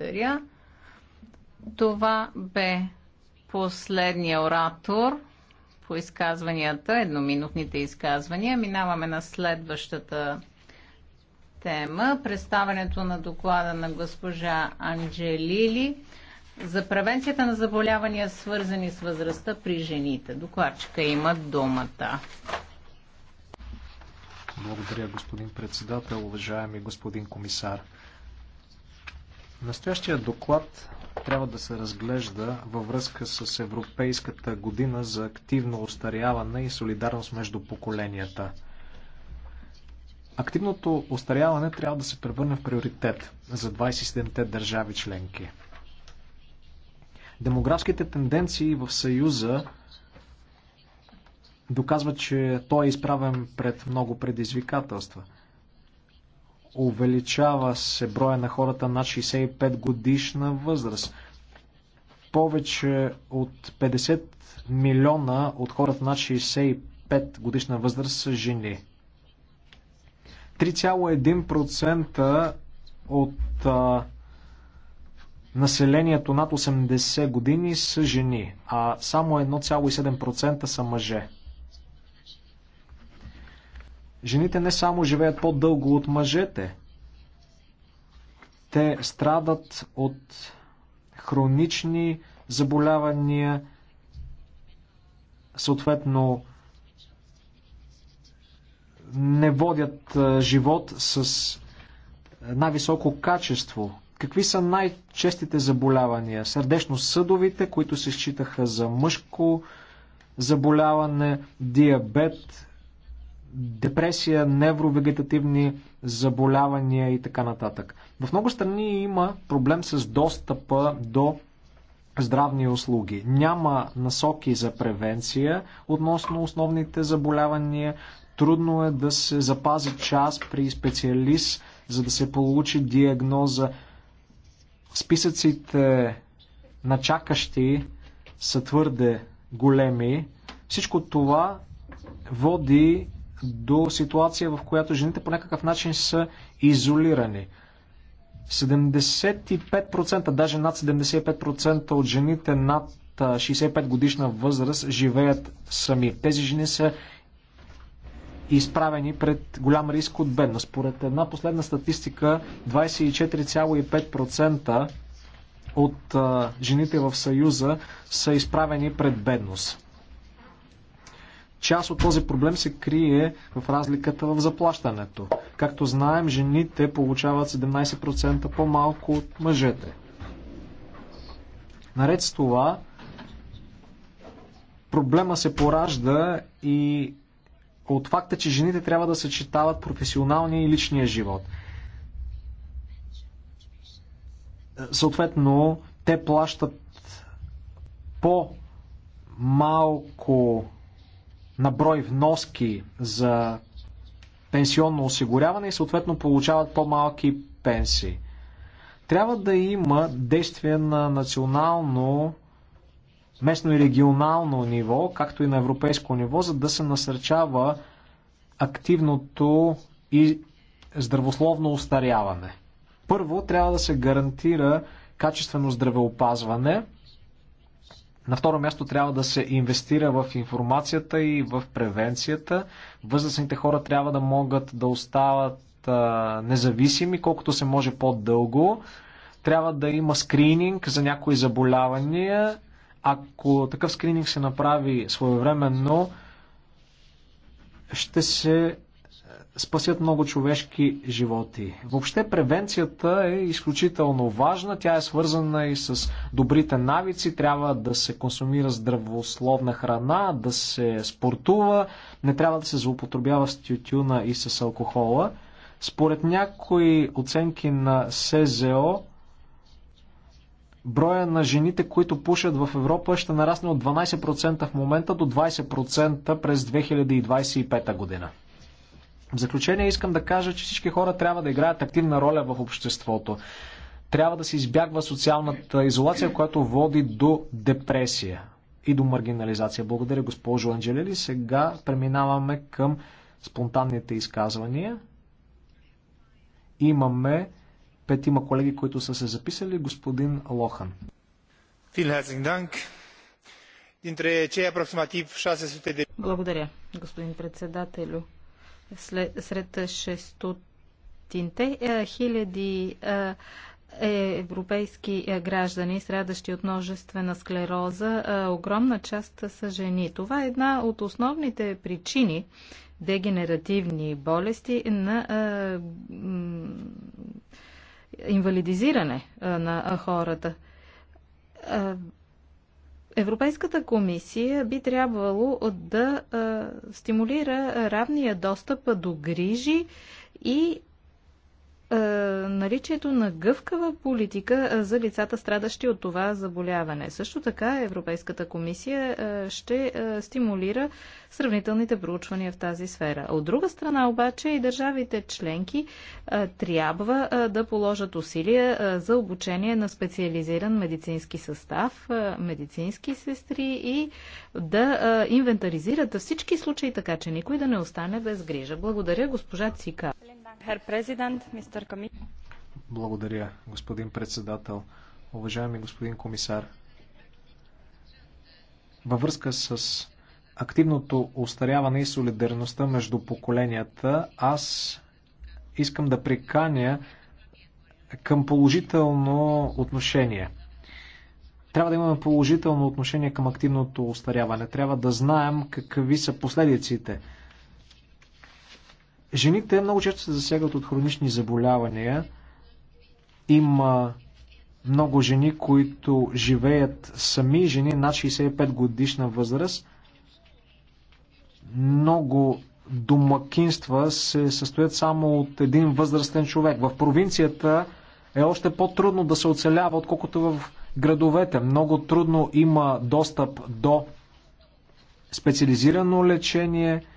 Благодаря. Това бе последния оратор по изказванията, едноминутните изказвания. Минаваме на следващата тема. Представенето на доклада на госпожа Анджелили за превенцията на заболявания, свързани с възрастта при жените. Докладчика има думата. Благодаря, господин председател, уважаеми господин комисар. Настоящия доклад трябва да се разглежда във връзка с Европейската година за активно остаряване и солидарност между поколенията. Активното остаряване трябва да се превърне в приоритет за 27-те държави членки. Демографските тенденции в Съюза доказват, че той е изправен пред много предизвикателства – Увеличава се броя на хората над 65 годишна възраст. Повече от 50 милиона от хората над 65 годишна възраст са жени. 3,1% от а, населението над 80 години са жени, а само 1,7% са мъже. Жените не само живеят по-дълго от мъжете, те страдат от хронични заболявания, съответно не водят живот с най-високо качество. Какви са най-честите заболявания? Сърдечно-съдовите, които се считаха за мъжко заболяване, диабет, депресия, невровегетативни заболявания и така нататък. В много страни има проблем с достъпа до здравни услуги. Няма насоки за превенция относно основните заболявания. Трудно е да се запази час при специалист, за да се получи диагноза. Списъците на чакащи са твърде големи. Всичко това води до ситуация, в която жените по някакъв начин са изолирани. 75%, даже над 75% от жените над 65 годишна възраст живеят сами. Тези жени са изправени пред голям риск от бедност. Според една последна статистика, 24,5% от жените в Съюза са изправени пред бедност. Част от този проблем се крие в разликата в заплащането. Както знаем, жените получават 17% по-малко от мъжете. Наред с това, проблема се поражда и от факта, че жените трябва да съчетават професионалния и личния живот. Съответно, те плащат по-малко на брой вноски за пенсионно осигуряване и съответно получават по-малки пенсии. Трябва да има действие на национално, местно и регионално ниво, както и на европейско ниво, за да се насърчава активното и здравословно устаряване. Първо, трябва да се гарантира качествено здравеопазване – на второ място трябва да се инвестира в информацията и в превенцията. Възрастните хора трябва да могат да остават а, независими колкото се може по-дълго. Трябва да има скрининг за някои заболявания. Ако такъв скрининг се направи своевременно, ще се спасят много човешки животи. Въобще превенцията е изключително важна. Тя е свързана и с добрите навици. Трябва да се консумира здравословна храна, да се спортува, не трябва да се злоупотребява с тютюна и с алкохола. Според някои оценки на СЗО, броя на жените, които пушат в Европа, ще нарасне от 12% в момента до 20% през 2025 година. В заключение искам да кажа, че всички хора трябва да играят активна роля в обществото. Трябва да се избягва социалната изолация, която води до депресия и до маргинализация. Благодаря, госпожо Анджелели. Сега преминаваме към спонтанните изказвания. Имаме петима колеги, които са се записали. Господин Лохан. Благодаря, господин председателю. След, сред шестотинте е, хиляди е, е европейски е, граждани, страдащи от множествена склероза, е, огромна част са жени. Това е една от основните причини дегенеративни болести на е, инвалидизиране на хората Европейската комисия би трябвало да стимулира равния достъп до грижи и е, наличието на гъвкава политика е, за лицата, страдащи от това заболяване. Също така Европейската комисия е, ще стимулира сравнителните проучвания в тази сфера. От друга страна обаче и държавите членки трябва да положат усилия за обучение на специализиран медицински състав, медицински сестри и да инвентаризират всички случаи, така че никой да не остане без грижа. Благодаря, госпожа Цика. Благодаря, господин председател. Уважаеми господин комисар, във връзка с активното устаряване и солидарността между поколенията, аз искам да приканя към положително отношение. Трябва да имаме положително отношение към активното устаряване. Трябва да знаем какви са последиците Жените много често се засягат от хронични заболявания. Има много жени, които живеят сами, жени над 65 годишна възраст. Много домакинства се състоят само от един възрастен човек. В провинцията е още по-трудно да се оцелява, отколкото в градовете. Много трудно има достъп до специализирано лечение –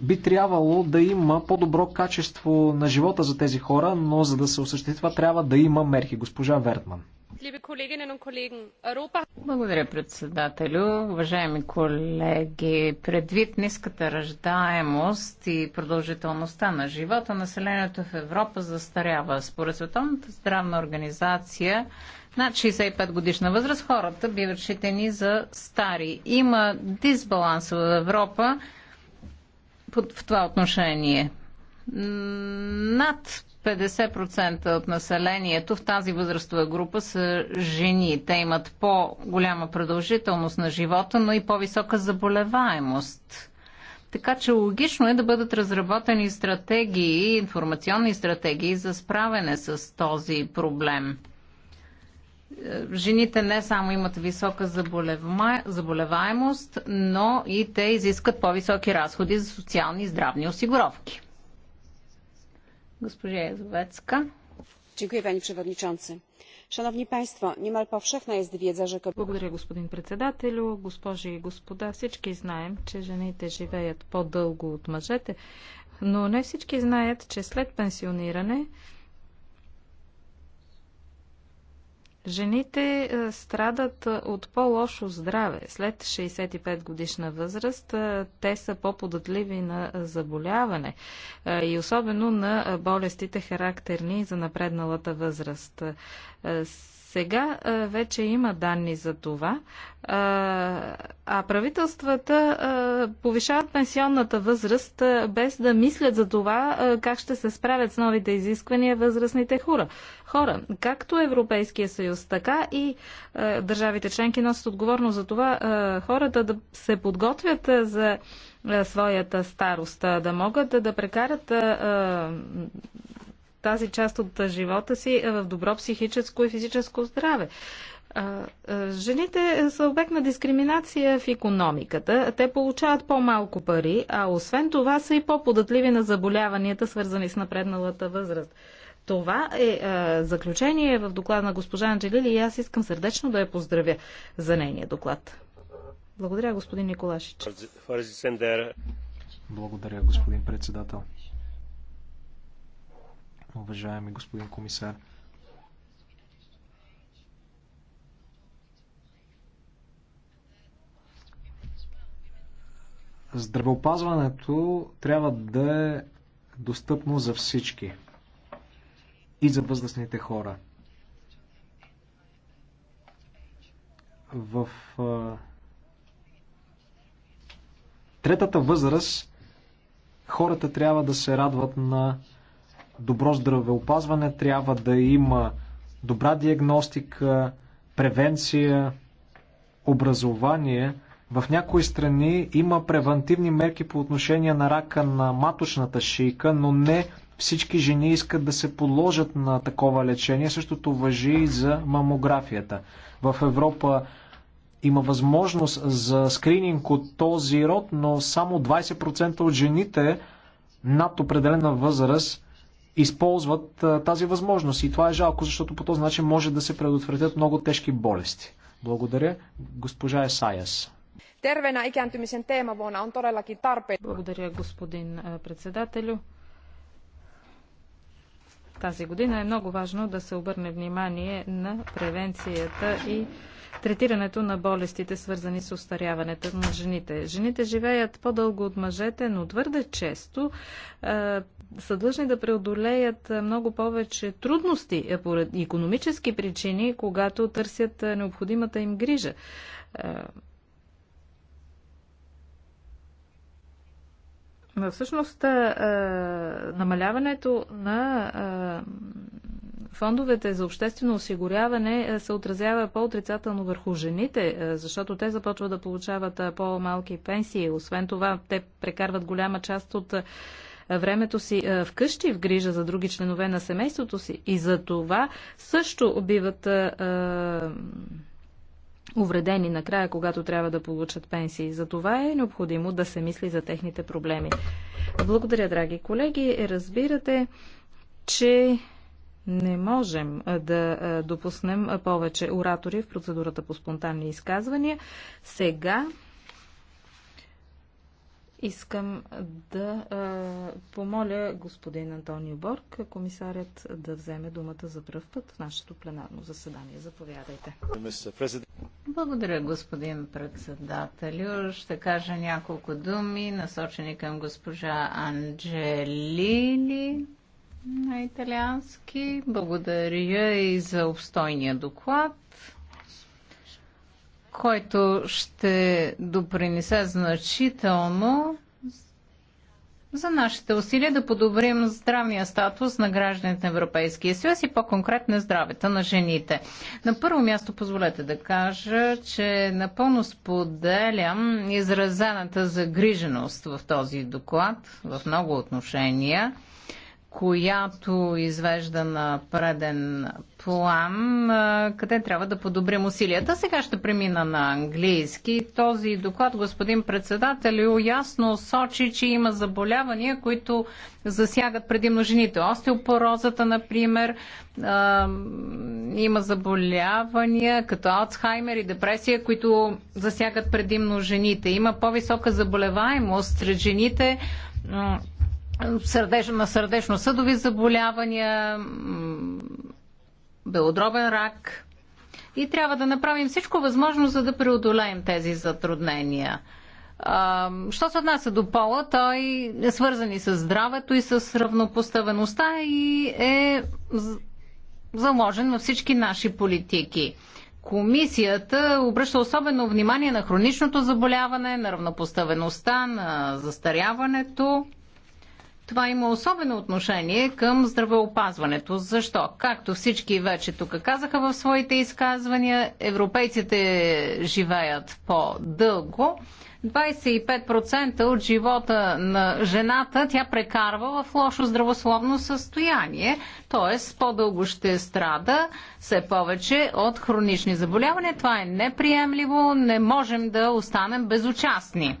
би трябвало да има по-добро качество на живота за тези хора, но за да се осъществи това трябва да има мерки. Госпожа Вертман. Благодаря, председателю. Уважаеми колеги, предвид ниската ръждаемост и продължителността на живота, населението в Европа застарява. Според Световната здравна организация, над 65 годишна възраст хората биват считани за стари. Има дисбаланс в Европа в това отношение. Над 50% от населението в тази възрастова група са жени. Те имат по-голяма продължителност на живота, но и по-висока заболеваемост. Така че логично е да бъдат разработени стратегии, информационни стратегии за справяне с този проблем. Е, жените не само имат висока заболеваемост, но и те изискат по-високи разходи за социални и здравни осигуровки. Госпожа Язовецка. Дякую, пани Przewodniczący. Шановни Państwo, немал повшехна е wiedza, że kobiety... Благодаря, господин председателю, госпожи и господа. Всички знаем, че жените живеят по-дълго от мъжете, но не всички знаят, че след пенсиониране Жените е, страдат е, от по-лошо здраве. След 65 годишна възраст е, те са по-податливи на заболяване и особено на болестите характерни за напредналата възраст сега вече има данни за това, а правителствата повишават пенсионната възраст без да мислят за това как ще се справят с новите изисквания възрастните хора. Хора, както Европейския съюз, така и държавите членки носят отговорност за това хората да се подготвят за своята старост, да могат да прекарат тази част от живота си е в добро психическо и физическо здраве. Жените са обект на дискриминация в економиката. Те получават по-малко пари, а освен това са и по-податливи на заболяванията, свързани с напредналата възраст. Това е заключение в доклада на госпожа Анджелили и аз искам сърдечно да я поздравя за нейния доклад. Благодаря, господин Николашич. Благодаря, господин председател уважаеми господин комисар. Здравеопазването трябва да е достъпно за всички и за възрастните хора. В третата възраст хората трябва да се радват на добро здравеопазване, трябва да има добра диагностика, превенция, образование. В някои страни има превентивни мерки по отношение на рака на маточната шийка, но не всички жени искат да се подложат на такова лечение. Същото въжи и за мамографията. В Европа има възможност за скрининг от този род, но само 20% от жените над определена възраст използват тази възможност. И това е жалко, защото по този начин може да се предотвратят много тежки болести. Благодаря, госпожа Есаяс. Тервена ikääntymisen teemavuonna on todellakin tarpeen. Благодаря, господин председателю. Тази година е много важно да се обърне внимание на превенцията и третирането на болестите, свързани с устаряването на жените. Жените живеят по-дълго от мъжете, но твърде често са длъжни да преодолеят много повече трудности поради економически причини, когато търсят необходимата им грижа. Но всъщност намаляването на фондовете за обществено осигуряване се отразява по-отрицателно върху жените, защото те започват да получават по-малки пенсии. Освен това, те прекарват голяма част от времето си е, вкъщи в грижа за други членове на семейството си и за това също биват е, е, увредени накрая, когато трябва да получат пенсии. За това е необходимо да се мисли за техните проблеми. Благодаря, драги колеги. Разбирате, че не можем да допуснем повече оратори в процедурата по спонтанни изказвания. Сега Искам да а, помоля господин Антонио Борг, комисарят, да вземе думата за пръв път в нашето пленарно заседание. Заповядайте. Благодаря, господин председател. Ще кажа няколко думи, насочени към госпожа Анджелили на италиански. Благодаря и за обстойния доклад който ще допринесе значително за нашите усилия да подобрим здравния статус на гражданите на Европейския съюз и по-конкретно здравето на жените. На първо място позволете да кажа, че напълно споделям изразената загриженост в този доклад в много отношения която извежда на преден план, къде трябва да подобрим усилията. Сега ще премина на английски. Този доклад, господин председател, е ясно сочи, че има заболявания, които засягат предимно жените. Остеопорозата, например, има заболявания като Алцхаймер и депресия, които засягат предимно жените. Има по-висока заболеваемост сред жените на сърдечно-съдови заболявания, белодробен рак. И трябва да направим всичко възможно, за да преодолеем тези затруднения. Що се отнася до пола, той е свързан и с здравето, и с равнопоставеността и е заложен във всички наши политики. Комисията обръща особено внимание на хроничното заболяване, на равнопоставеността, на застаряването. Това има особено отношение към здравеопазването. Защо? Както всички вече тук казаха в своите изказвания, европейците живеят по-дълго, 25% от живота на жената тя прекарва в лошо здравословно състояние, т.е. по-дълго ще страда все повече от хронични заболявания. Това е неприемливо, не можем да останем безучастни.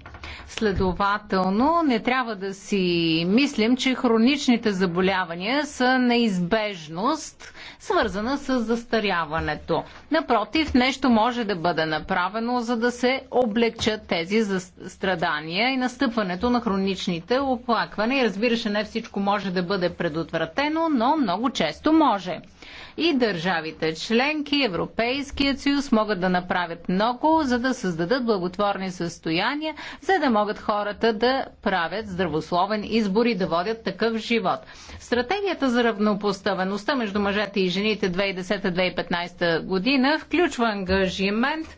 Следователно, не трябва да си мислим, че хроничните заболявания са неизбежност, свързана с застаряването. Напротив, нещо може да бъде направено, за да се облегчат тези заболявания за страдания и настъпването на хроничните оплаквания. И разбира се, не всичко може да бъде предотвратено, но много често може. И държавите членки, Европейският съюз могат да направят много, за да създадат благотворни състояния, за да могат хората да правят здравословен избор и да водят такъв живот. Стратегията за равнопоставеността между мъжете и жените 2010-2015 година включва ангажимент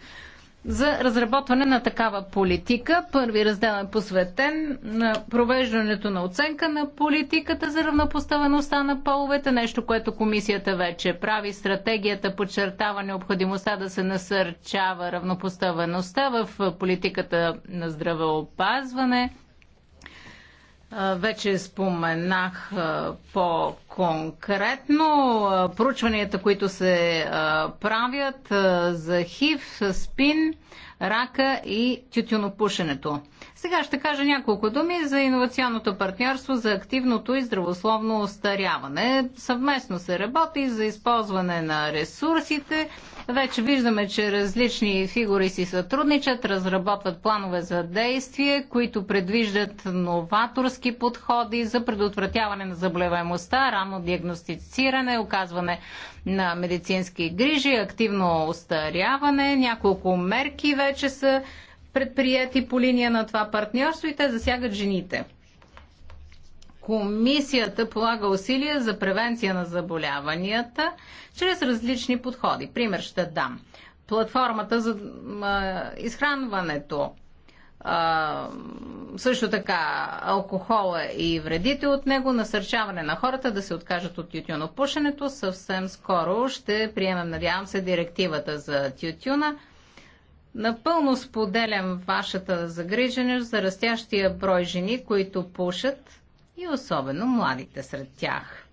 за разработване на такава политика. Първи раздел е посветен на провеждането на оценка на политиката за равнопоставеността на половете, нещо, което комисията вече прави. Стратегията подчертава необходимостта да се насърчава равнопоставеността в политиката на здравеопазване. Вече споменах по конкретно проучванията, които се правят за ХИВ, СПИН, рака и тютюнопушенето. Сега ще кажа няколко думи за иновационното партньорство за активното и здравословно остаряване. Съвместно се работи за използване на ресурсите. Вече виждаме, че различни фигури си сътрудничат, разработват планове за действие, които предвиждат новаторски подходи за предотвратяване на заболеваемостта, рано ранно диагностициране, оказване на медицински грижи, активно остаряване. Няколко мерки вече са предприяти по линия на това партньорство и те засягат жените. Комисията полага усилия за превенция на заболяванията чрез различни подходи. Пример ще дам. Платформата за изхранването а, също така алкохола е и вредите от него, насърчаване на хората да се откажат от тютюнопушенето. Съвсем скоро ще приемем, надявам се, директивата за тютюна. Напълно споделям вашата загриженост за растящия брой жени, които пушат и особено младите сред тях.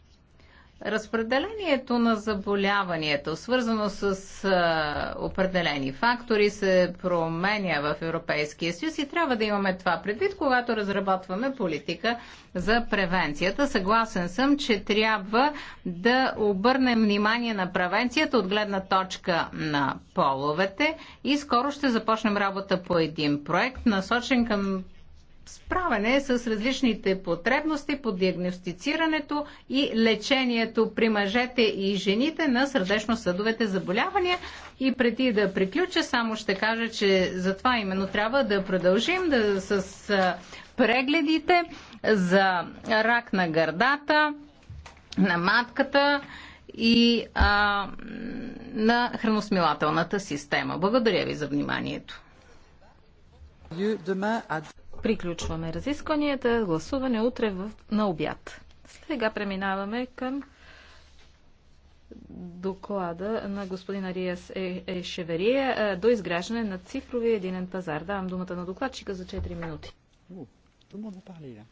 Разпределението на заболяванията, свързано с а, определени фактори, се променя в Европейския съюз и трябва да имаме това предвид, когато разработваме политика за превенцията. Съгласен съм, че трябва да обърнем внимание на превенцията от гледна точка на половете и скоро ще започнем работа по един проект, насочен към справяне с различните потребности по диагностицирането и лечението при мъжете и жените на сърдечно-съдовете заболявания. И преди да приключа, само ще кажа, че за това именно трябва да продължим да, с прегледите за рак на гърдата, на матката и а, на храносмилателната система. Благодаря ви за вниманието приключваме разискванията. Гласуване утре в, на обяд. Сега преминаваме към доклада на господин Ариас Ешеверия е, до изграждане на цифрови единен пазар. Давам думата на докладчика за 4 минути. Благодаря,